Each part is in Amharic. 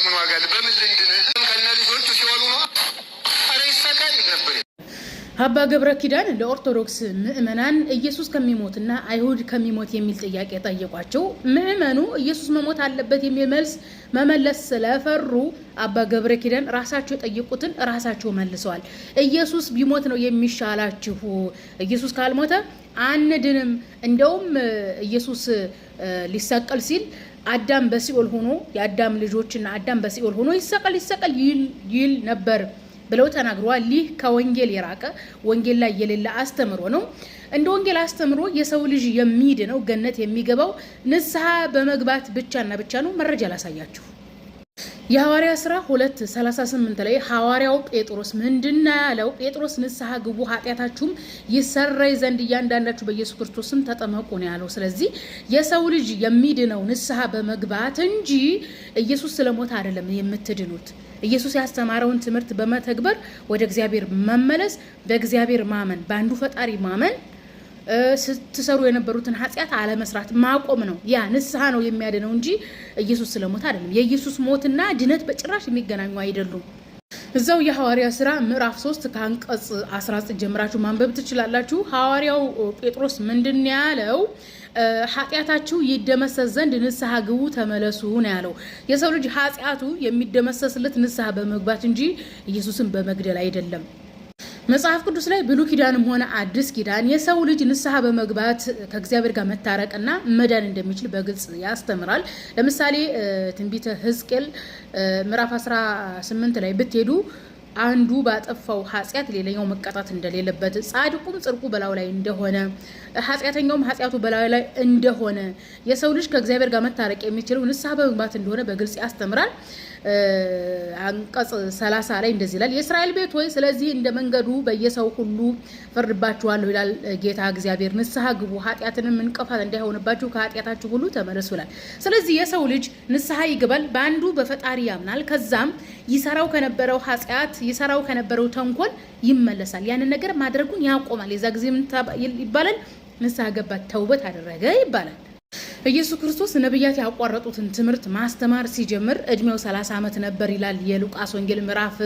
ለምን ዋጋ በምን ልንድንህ ከነ ልጆቹ ሲወሉ ነው። አረ ይሰቃይ ነበር። አባ ገብረ ኪዳን ለኦርቶዶክስ ምዕመናን ኢየሱስ ከሚሞትና አይሁድ ከሚሞት የሚል ጥያቄ ጠየቋቸው። ምዕመኑ ኢየሱስ መሞት አለበት የሚል መልስ መመለስ ስለፈሩ አባ ገብረ ኪዳን ራሳቸው የጠየቁትን ራሳቸው መልሰዋል። ኢየሱስ ቢሞት ነው የሚሻላችሁ፣ ኢየሱስ ካልሞተ አንድንም። እንደውም ኢየሱስ ሊሰቀል ሲል አዳም በሲኦል ሆኖ የአዳም ልጆችና አዳም በሲኦል ሆኖ ይሰቀል ይሰቀል ይል ነበር ብለው ተናግረዋል። ይህ ከወንጌል የራቀ ወንጌል ላይ የሌለ አስተምሮ ነው። እንደ ወንጌል አስተምሮ የሰው ልጅ የሚድነው ገነት የሚገባው ንስሐ በመግባት ብቻና ብቻ ነው። መረጃ ላሳያችሁ። የሐዋርያ ስራ 2 38 ላይ ሐዋርያው ጴጥሮስ ምንድና ያለው? ጴጥሮስ ንስሐ ግቡ ኃጢአታችሁም ይሰረይ ዘንድ እያንዳንዳችሁ በኢየሱስ ክርስቶስም ተጠመቁ ነው ያለው። ስለዚህ የሰው ልጅ የሚድነው ንስሐ በመግባት እንጂ ኢየሱስ ስለሞት አይደለም የምትድኑት። ኢየሱስ ያስተማረውን ትምህርት በመተግበር ወደ እግዚአብሔር መመለስ፣ በእግዚአብሔር ማመን፣ በአንዱ ፈጣሪ ማመን ስትሰሩ የነበሩትን ኃጢአት አለመስራት ማቆም ነው። ያ ንስሐ ነው የሚያድነው እንጂ ኢየሱስ ስለሞት አይደለም። የኢየሱስ ሞትና ድነት በጭራሽ የሚገናኙ አይደሉም። እዛው የሐዋርያ ስራ ምዕራፍ 3 ከአንቀጽ 19 ጀምራችሁ ማንበብ ትችላላችሁ። ሐዋርያው ጴጥሮስ ምንድን ያለው? ኃጢአታችሁ ይደመሰስ ዘንድ ንስሐ ግቡ ተመለሱ ነው ያለው። የሰው ልጅ ኃጢአቱ የሚደመሰስለት ንስሐ በመግባት እንጂ ኢየሱስን በመግደል አይደለም። መጽሐፍ ቅዱስ ላይ ብሉይ ኪዳንም ሆነ አዲስ ኪዳን የሰው ልጅ ንስሐ በመግባት ከእግዚአብሔር ጋር መታረቅና መዳን እንደሚችል በግልጽ ያስተምራል። ለምሳሌ ትንቢተ ሕዝቅኤል ምዕራፍ 18 ላይ ብትሄዱ አንዱ ባጠፋው ኃጢአት ሌላኛው መቀጣት እንደሌለበት፣ ጻድቁም ጽድቁ በላዩ ላይ እንደሆነ፣ ኃጢአተኛውም ኃጢአቱ በላዩ ላይ እንደሆነ፣ የሰው ልጅ ከእግዚአብሔር ጋር መታረቅ የሚችለው ንስሐ በመግባት እንደሆነ በግልጽ ያስተምራል። አንቀጽ ሰላሳ ላይ እንደዚህ ይላል፣ የእስራኤል ቤት ሆይ ስለዚህ እንደ መንገዱ በየሰው ሁሉ ፈርድባችኋለሁ ይላል ጌታ እግዚአብሔር። ንስሐ ግቡ፣ ኃጢአትንም እንቅፋት እንዳይሆንባችሁ ከኃጢአታችሁ ሁሉ ተመለሱ ይላል። ስለዚህ የሰው ልጅ ንስሐ ይግባል። በአንዱ በፈጣሪ ያምናል። ከዛም ይሰራው ከነበረው ኃጢአት ይሰራው ከነበረው ተንኮል ይመለሳል። ያንን ነገር ማድረጉን ያቆማል። የዛ ጊዜ ይባላል? ንስሐ ገባ፣ ተውበት አደረገ ይባላል። ኢየሱስ ክርስቶስ ነቢያት ያቋረጡትን ትምህርት ማስተማር ሲጀምር እድሜው 30 ዓመት ነበር ይላል የሉቃስ ወንጌል ምዕራፍ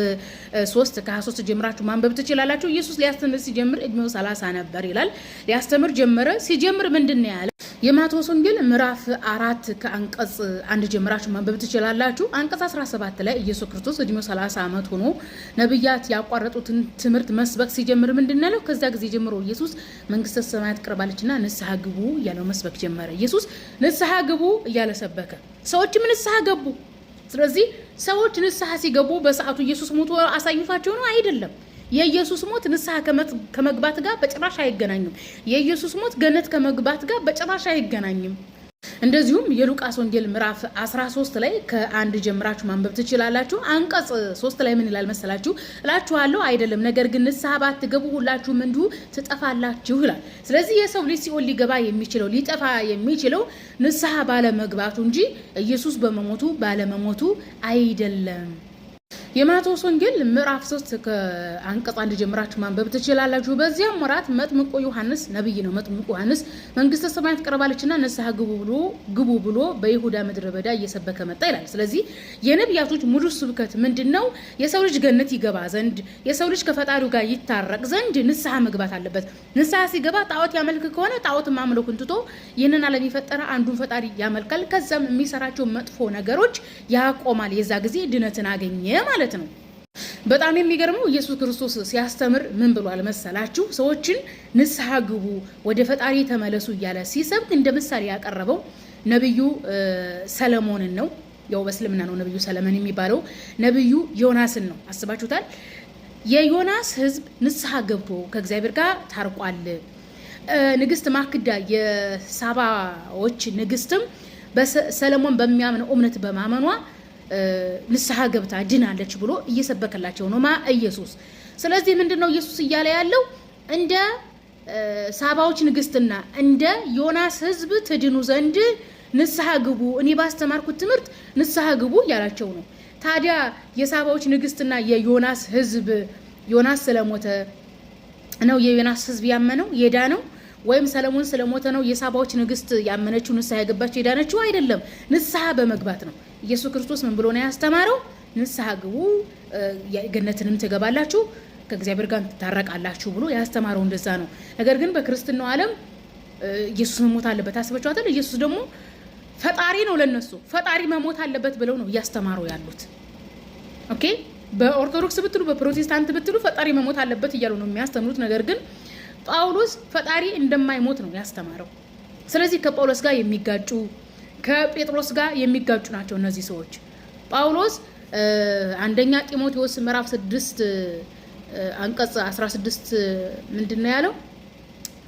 3 ከ23 ጀምራችሁ ማንበብ ትችላላችሁ። ኢየሱስ ሊያስተምር ሲጀምር እድሜው 30 ነበር ይላል። ሊያስተምር ጀመረ። ሲጀምር ምንድን ነው ያለ? የማቴዎስ ወንጌል ምዕራፍ አራት ከአንቀጽ አንድ ጀምራችሁ ማንበብ ትችላላችሁ። አንቀጽ 17 ላይ ኢየሱስ ክርስቶስ እድሜው 30 ዓመት ሆኖ ነቢያት ያቋረጡትን ትምህርት መስበክ ሲጀምር ምንድን ያለው? ከዚያ ጊዜ ጀምሮ ኢየሱስ መንግስተ ሰማያት ቀርባለችና ንስሐ ግቡ እያለው መስበክ ጀመረ። ኢየሱስ ንስሐ ግቡ እያለ ሰበከ። ሰዎችም ንስሐ ገቡ። ስለዚህ ሰዎች ንስሐ ሲገቡ በሰዓቱ ኢየሱስ ሞቶ አሳይቷቸው ነው? አይደለም። የኢየሱስ ሞት ንስሐ ከመግባት ጋር በጭራሽ አይገናኝም። የኢየሱስ ሞት ገነት ከመግባት ጋር በጭራሽ አይገናኝም። እንደዚሁም የሉቃስ ወንጌል ምዕራፍ 13 ላይ ከአንድ ጀምራችሁ ማንበብ ትችላላችሁ። አንቀጽ ሶስት ላይ ምን ይላል መሰላችሁ? እላችኋለሁ አይደለም ነገር ግን ንስሐ ባትገቡ ሁላችሁም እንዲሁ ትጠፋላችሁ ይላል። ስለዚህ የሰው ልጅ ሲኦል ሊገባ የሚችለው ሊጠፋ የሚችለው ንስሐ ባለመግባቱ እንጂ ኢየሱስ በመሞቱ ባለመሞቱ አይደለም። የማቴዎስ ወንጌል ምዕራፍ 3 አንቀጽ አንድ ጀምራችሁ ማንበብ ትችላላችሁ። በዚያም ወራት መጥምቁ ዮሐንስ ነብይ ነው። መጥምቁ ዮሐንስ መንግስተ ሰማያት ቀርባለችና ንስሐ ግቡ ብሎ ግቡ ብሎ በይሁዳ ምድረ በዳ እየሰበከ መጣ ይላል። ስለዚህ የነቢያቶች ሙሉ ስብከት ምንድነው? የሰው ልጅ ገነት ይገባ ዘንድ የሰው ልጅ ከፈጣሪው ጋር ይታረቅ ዘንድ ንስሐ መግባት አለበት። ንስሐ ሲገባ ጣዖት ያመልክ ከሆነ ጣዖት ማምለኩን ትቶ ይህንን ዓለም የፈጠረ አንዱን ፈጣሪ ያመልካል። ከዛም የሚሰራቸው መጥፎ ነገሮች ያቆማል። የዛ ጊዜ ድነትን አገኘ ማለት ማለት ነው። በጣም የሚገርመው ኢየሱስ ክርስቶስ ሲያስተምር ምን ብሏል መሰላችሁ? ሰዎችን ንስሐ ግቡ፣ ወደ ፈጣሪ ተመለሱ እያለ ሲሰብክ እንደ ምሳሌ ያቀረበው ነቢዩ ሰለሞንን ነው። ያው በእስልምና ነው ነቢዩ ሰለሞን የሚባለው። ነቢዩ ዮናስን ነው። አስባችሁታል? የዮናስ ሕዝብ ንስሐ ገብቶ ከእግዚአብሔር ጋር ታርቋል። ንግስት ማክዳ የሳባዎች ንግስትም ሰለሞን በሚያምነው እምነት በማመኗ ንስሐ ገብታ ድናለች ብሎ እየሰበከላቸው ነው ማ ኢየሱስ። ስለዚህ ምንድን ነው ኢየሱስ እያለ ያለው እንደ ሳባዎች ንግስትና እንደ ዮናስ ህዝብ ትድኑ ዘንድ ንስሐ ግቡ፣ እኔ ባስተማርኩት ትምህርት ንስሐ ግቡ እያላቸው ነው። ታዲያ የሳባዎች ንግስትና የዮናስ ህዝብ ዮናስ ስለሞተ ነው የዮናስ ህዝብ ያመነው የዳ ነው ወይም ሰለሞን ስለሞተ ነው የሳባዎች ንግስት ያመነችው ንስሐ የገባችው የዳነችው አይደለም። ንስሐ በመግባት ነው። ኢየሱስ ክርስቶስ ምን ብሎ ነው ያስተማረው? ንስሐ ግቡ ገነትንም ትገባላችሁ ከእግዚአብሔር ጋር ትታረቃላችሁ ብሎ ያስተማረው እንደዛ ነው። ነገር ግን በክርስትናው ዓለም ኢየሱስ መሞት አለበት አይደል? ኢየሱስ ደግሞ ፈጣሪ ነው ለነሱ ፈጣሪ መሞት አለበት ብለው ነው እያስተማሩ ያሉት። ኦኬ በኦርቶዶክስ ብትሉ በፕሮቴስታንት ብትሉ ፈጣሪ መሞት አለበት እያሉ ነው የሚያስተምሩት ነገር ግን ጳውሎስ ፈጣሪ እንደማይሞት ነው ያስተማረው። ስለዚህ ከጳውሎስ ጋር የሚጋጩ ከጴጥሮስ ጋር የሚጋጩ ናቸው እነዚህ ሰዎች። ጳውሎስ አንደኛ ጢሞቴዎስ ምዕራፍ 6 አንቀጽ 16 ምንድን ነው ያለው?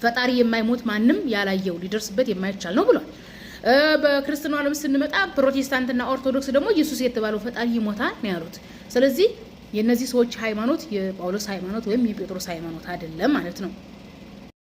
ፈጣሪ የማይሞት ማንም ያላየው ሊደርስበት የማይቻል ነው ብሏል። በክርስትናው ዓለም ስንመጣ ፕሮቴስታንትና ኦርቶዶክስ ደግሞ ኢየሱስ የተባለው ፈጣሪ ይሞታል ነው ያሉት። ስለዚህ የእነዚህ ሰዎች ሃይማኖት የጳውሎስ ሃይማኖት ወይም የጴጥሮስ ሃይማኖት አይደለም ማለት ነው።